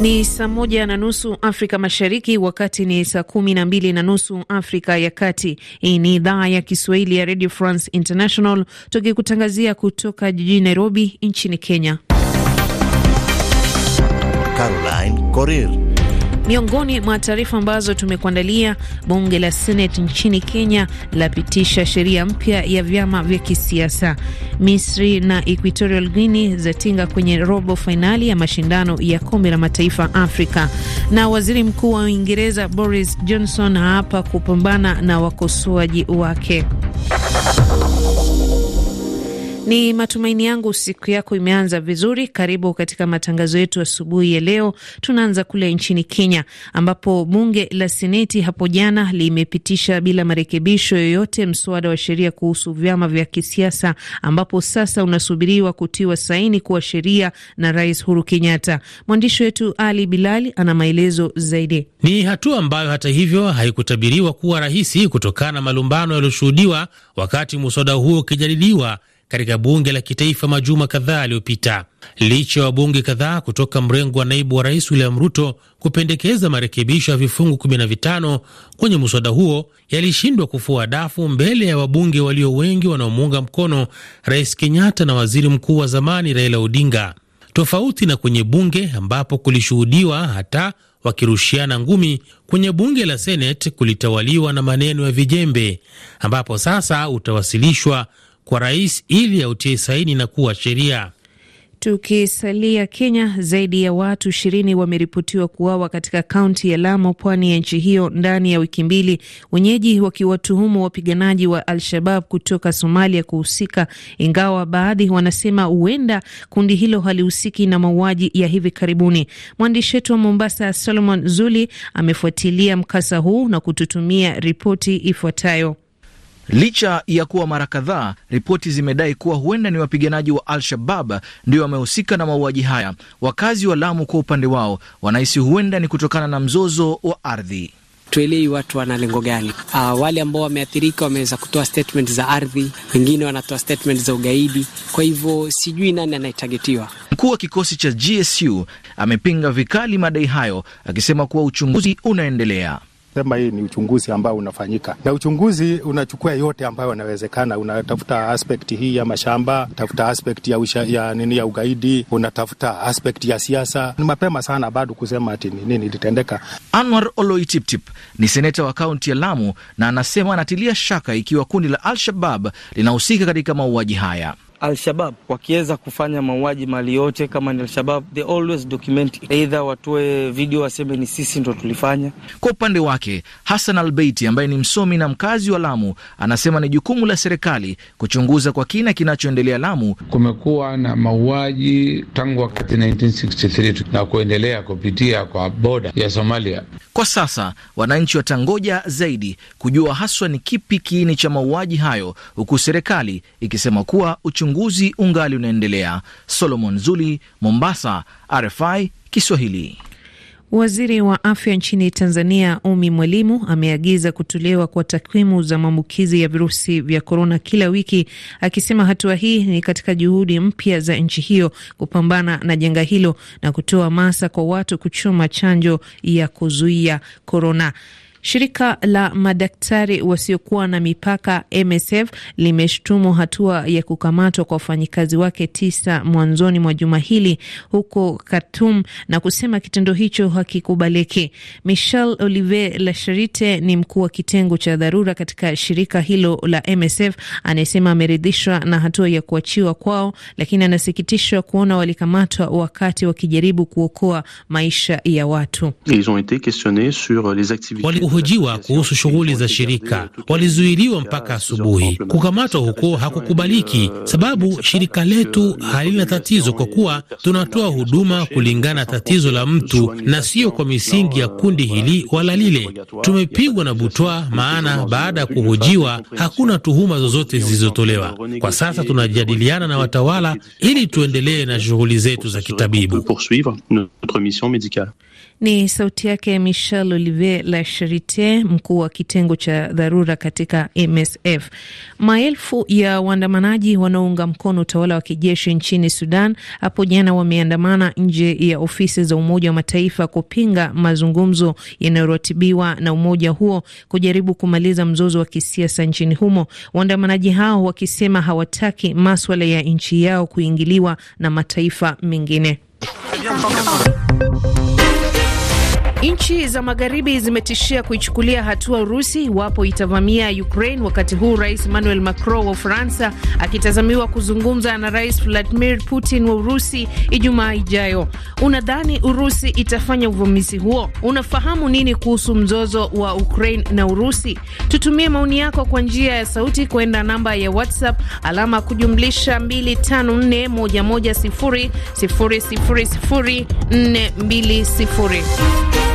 Ni saa moja na nusu Afrika Mashariki, wakati ni saa kumi na mbili na nusu Afrika ya Kati. Hii ni idhaa ya Kiswahili ya Radio France International, tukikutangazia kutoka jijini Nairobi nchini Kenya. Caroline Coril Miongoni mwa taarifa ambazo tumekuandalia, bunge la Seneti nchini Kenya lapitisha sheria mpya ya vyama vya kisiasa. Misri na Equatorial Guinea zatinga kwenye robo fainali ya mashindano ya kombe la mataifa Afrika. Na waziri mkuu wa Uingereza Boris Johnson hapa kupambana na wakosoaji wake. Ni matumaini yangu siku yako imeanza vizuri. Karibu katika matangazo yetu asubuhi ya leo. Tunaanza kule nchini Kenya ambapo bunge la seneti hapo jana limepitisha bila marekebisho yoyote mswada wa sheria kuhusu vyama vya kisiasa ambapo sasa unasubiriwa kutiwa saini kuwa sheria na Rais Uhuru Kenyatta. Mwandishi wetu Ali Bilali ana maelezo zaidi. Ni hatua ambayo hata hivyo haikutabiriwa kuwa rahisi kutokana na malumbano yaliyoshuhudiwa wakati mswada huo ukijadiliwa katika bunge la kitaifa majuma kadhaa yaliyopita, licha ya wabunge kadhaa kutoka mrengo wa naibu wa rais William Ruto kupendekeza marekebisho ya vifungu 15 kwenye mswada huo, yalishindwa kufua dafu mbele ya wabunge walio wengi wanaomuunga mkono Rais Kenyatta na waziri mkuu wa zamani Raila Odinga, tofauti na kwenye bunge ambapo kulishuhudiwa hata wakirushiana ngumi. Kwenye bunge la Senate kulitawaliwa na maneno ya vijembe, ambapo sasa utawasilishwa kwa rais ili autie saini na kuwa sheria. Tukisalia Kenya, zaidi ya watu ishirini wameripotiwa kuawa katika kaunti ya Lamu, pwani ya nchi hiyo, ndani ya wiki mbili, wenyeji wakiwatuhumu wapiganaji wa Al-Shabab kutoka Somalia kuhusika, ingawa baadhi wanasema huenda kundi hilo halihusiki na mauaji ya hivi karibuni. Mwandishi wetu wa Mombasa, Solomon Zuli, amefuatilia mkasa huu na kututumia ripoti ifuatayo licha ya kuwa mara kadhaa ripoti zimedai kuwa huenda ni wapiganaji wa Al-Shabab ndio wamehusika na mauaji haya. Wakazi wa Lamu kwa upande wao wanahisi huenda ni kutokana na mzozo wa ardhi. Tuelewi watu wana lengo gani? Uh, wale ambao wameathirika wameweza kutoa statement za ardhi, wengine wanatoa statement za ugaidi. Kwa hivyo sijui nani anayetagetiwa. Mkuu wa kikosi cha GSU amepinga vikali madai hayo akisema kuwa uchunguzi unaendelea sema hii ni uchunguzi ambao unafanyika, na uchunguzi unachukua yote ambayo yanawezekana. Unatafuta aspekti hii ya mashamba, tafuta aspekti ya, usha, ya nini ya ugaidi, unatafuta aspekti ya siasa. Ni mapema sana bado kusema ati nini ilitendeka. Anwar Oloitiptip ni seneta wa kaunti ya Lamu na anasema anatilia shaka ikiwa kundi la Al-Shabab linahusika katika mauaji haya. Alshabab wakiweza kufanya mauaji mali yote, kama ni Alshabab they always document either watoe video waseme ni sisi ndo tulifanya. Kwa upande wake Hassan Albeiti ambaye ni msomi na mkazi wa Lamu anasema ni jukumu la serikali kuchunguza kwa kina kinachoendelea Lamu. Kumekuwa na mauaji tangu wakati 1963 na kuendelea kupitia kwa boda ya Somalia. Kwa sasa wananchi watangoja zaidi kujua haswa ni kipi kiini cha mauaji hayo, huku serikali ikisema kuwa uchungu uchunguzi ungali unaendelea. Solomon Zuli, Mombasa, RFI Kiswahili. Waziri wa afya nchini Tanzania Umi Mwalimu ameagiza kutolewa kwa takwimu za maambukizi ya virusi vya korona kila wiki, akisema hatua hii ni katika juhudi mpya za nchi hiyo kupambana na janga hilo na kutoa masa kwa watu kuchoma chanjo ya kuzuia korona. Shirika la madaktari wasiokuwa na mipaka MSF limeshtumu hatua ya kukamatwa kwa wafanyikazi wake tisa mwanzoni mwa juma hili huko Khartoum na kusema kitendo hicho hakikubaliki. Michel Olivier Lasharite ni mkuu wa kitengo cha dharura katika shirika hilo la MSF anayesema ameridhishwa na hatua ya kuachiwa kwao, lakini anasikitishwa kuona walikamatwa wakati wakijaribu kuokoa maisha ya watu kuhojiwa kuhusu shughuli za shirika. Walizuiliwa mpaka asubuhi. Kukamatwa huko hakukubaliki, sababu shirika letu halina tatizo, kwa kuwa tunatoa huduma kulingana na tatizo la mtu na sio kwa misingi ya kundi hili wala lile. Tumepigwa na butwa, maana baada ya kuhojiwa hakuna tuhuma zozote zilizotolewa. Kwa sasa tunajadiliana na watawala ili tuendelee na shughuli zetu za kitabibu. Ni sauti yake Michel Olivier La sharite mkuu wa kitengo cha dharura katika MSF. Maelfu ya waandamanaji wanaounga mkono utawala wa kijeshi nchini Sudan hapo jana wameandamana nje ya ofisi za Umoja wa Mataifa kupinga mazungumzo yanayoratibiwa na umoja huo kujaribu kumaliza mzozo wa kisiasa nchini humo, waandamanaji hao wakisema hawataki maswala ya nchi yao kuingiliwa na mataifa mengine. Nchi za magharibi zimetishia kuichukulia hatua Urusi iwapo itavamia Ukraine, wakati huu Rais Emmanuel Macron wa Ufaransa akitazamiwa kuzungumza na Rais Vladimir Putin wa Urusi Ijumaa ijayo. Unadhani Urusi itafanya uvamizi huo? Unafahamu nini kuhusu mzozo wa Ukraine na Urusi? Tutumie maoni yako kwa njia ya sauti kwenda namba ya WhatsApp alama kujumlisha 254110000420.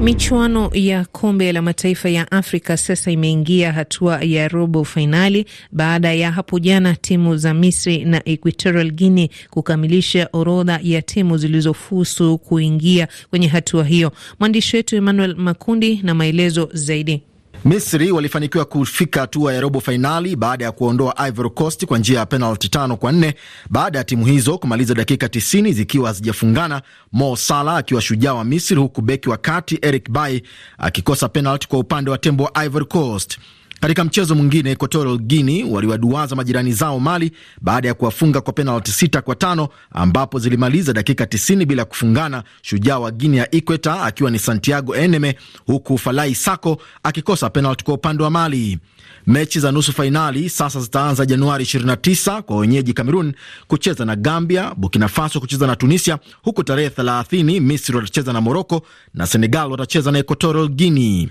Michuano ya kombe la mataifa ya Afrika sasa imeingia hatua ya robo fainali baada ya hapo jana timu za Misri na Equatorial Guinea kukamilisha orodha ya timu zilizofusu kuingia kwenye hatua hiyo. Mwandishi wetu Emmanuel Makundi na maelezo zaidi. Misri walifanikiwa kufika hatua ya robo fainali baada ya kuondoa Ivory Coast kwa njia ya penalti tano kwa nne baada ya timu hizo kumaliza dakika 90 zikiwa hazijafungana, Mo Salah akiwa shujaa wa Misri, huku beki wa kati Eric bay akikosa penalti kwa upande wa tembo wa Ivory Coast. Katika mchezo mwingine, Equatorial Guinea waliwaduaza majirani zao Mali baada ya kuwafunga kwa penalti sita kwa tano ambapo zilimaliza dakika 90 bila kufungana, shujaa wa Guinea ya Ikweta akiwa ni Santiago Eneme, huku Falai Sako akikosa penalti kwa upande wa Mali. Mechi za nusu fainali sasa zitaanza Januari 29 kwa wenyeji Cameroon kucheza na Gambia, Burkina Faso kucheza na Tunisia, huku tarehe 30 Misri watacheza na Moroko na Senegal watacheza na Equatorial Guinea.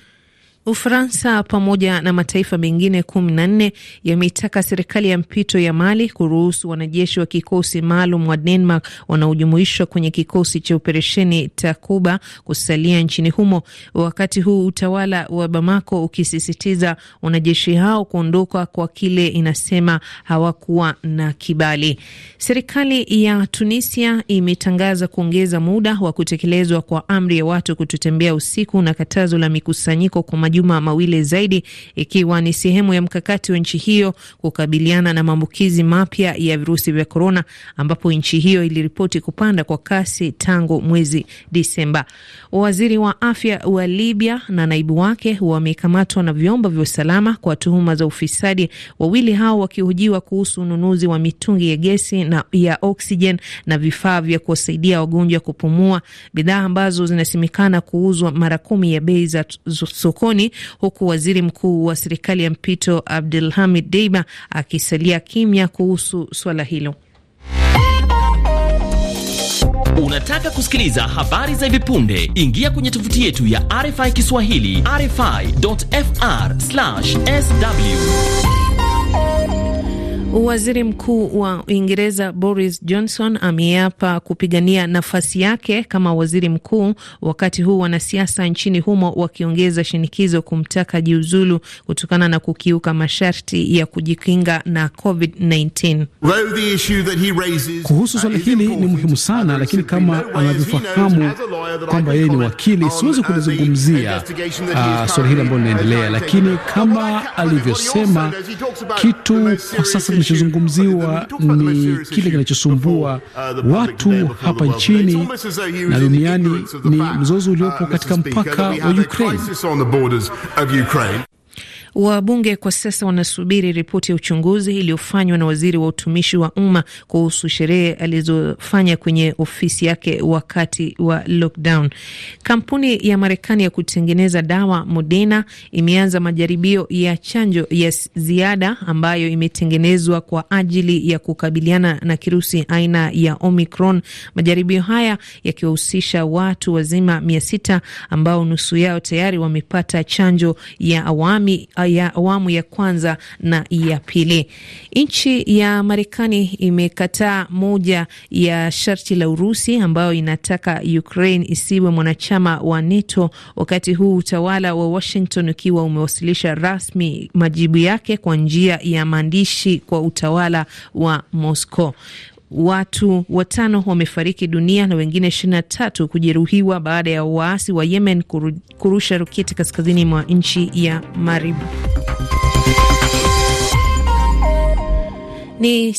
Ufaransa pamoja na mataifa mengine kumi na nne yameitaka serikali ya mpito ya Mali kuruhusu wanajeshi wa kikosi maalum wa Denmark wanaojumuishwa kwenye kikosi cha operesheni Takuba kusalia nchini humo, wakati huu utawala wa Bamako ukisisitiza wanajeshi hao kuondoka kwa kile inasema hawakuwa na kibali. Serikali ya Tunisia imetangaza kuongeza muda wa kutekelezwa kwa amri ya watu kutotembea usiku na katazo la mikusanyiko kwa majuma mawili zaidi, ikiwa ni sehemu ya mkakati wa nchi hiyo kukabiliana na maambukizi mapya ya virusi vya korona, ambapo nchi hiyo iliripoti kupanda kwa kasi tangu mwezi Disemba. Waziri wa afya wa Libya na naibu wake wamekamatwa na vyombo vya usalama kwa tuhuma za ufisadi, wawili hao wakihojiwa kuhusu ununuzi wa mitungi ya gesi na ya oksijen na vifaa vya kuwasaidia wagonjwa kupumua, bidhaa ambazo zinasemekana kuuzwa mara kumi ya bei za sokoni Marekani, huku waziri mkuu wa serikali ya mpito Abdul Hamid Deiba akisalia kimya kuhusu swala hilo. Unataka kusikiliza habari za hivi punde? Ingia kwenye tovuti yetu ya RFI Kiswahili, rfi.fr/sw. Waziri Mkuu wa Uingereza Boris Johnson ameapa kupigania nafasi yake kama waziri mkuu, wakati huu wanasiasa nchini humo wakiongeza shinikizo kumtaka jiuzulu kutokana na kukiuka masharti ya kujikinga na COVID-19. Kuhusu swala hili ni muhimu sana, lakini kama anavyofahamu kwamba yeye ni wakili, siwezi kulizungumzia uh, swala hili ambalo linaendelea, lakini kama alivyosema kitu kwa sasa kinachozungumziwa ni kile kinachosumbua uh, watu hapa nchini na duniani, ni mzozo uliopo uh, katika mpaka wa Ukraine. Wabunge kwa sasa wanasubiri ripoti ya uchunguzi iliyofanywa na waziri wa utumishi wa umma kuhusu sherehe alizofanya kwenye ofisi yake wakati wa lockdown. Kampuni ya Marekani ya kutengeneza dawa Moderna imeanza majaribio ya chanjo ya ziada ambayo imetengenezwa kwa ajili ya kukabiliana na kirusi aina ya Omicron, majaribio haya yakiwahusisha watu wazima mia sita ambao nusu yao tayari wamepata chanjo ya awami Uh, ya awamu ya kwanza na ya pili. Nchi ya Marekani imekataa moja ya sharti la Urusi ambayo inataka Ukraine isiwe mwanachama wa NATO, wakati huu utawala wa Washington ukiwa umewasilisha rasmi majibu yake kwa njia ya maandishi kwa utawala wa Moscow watu watano wamefariki dunia na wengine 23 kujeruhiwa baada ya waasi wa Yemen kuru, kurusha roketi kaskazini mwa nchi ya Marib. Ni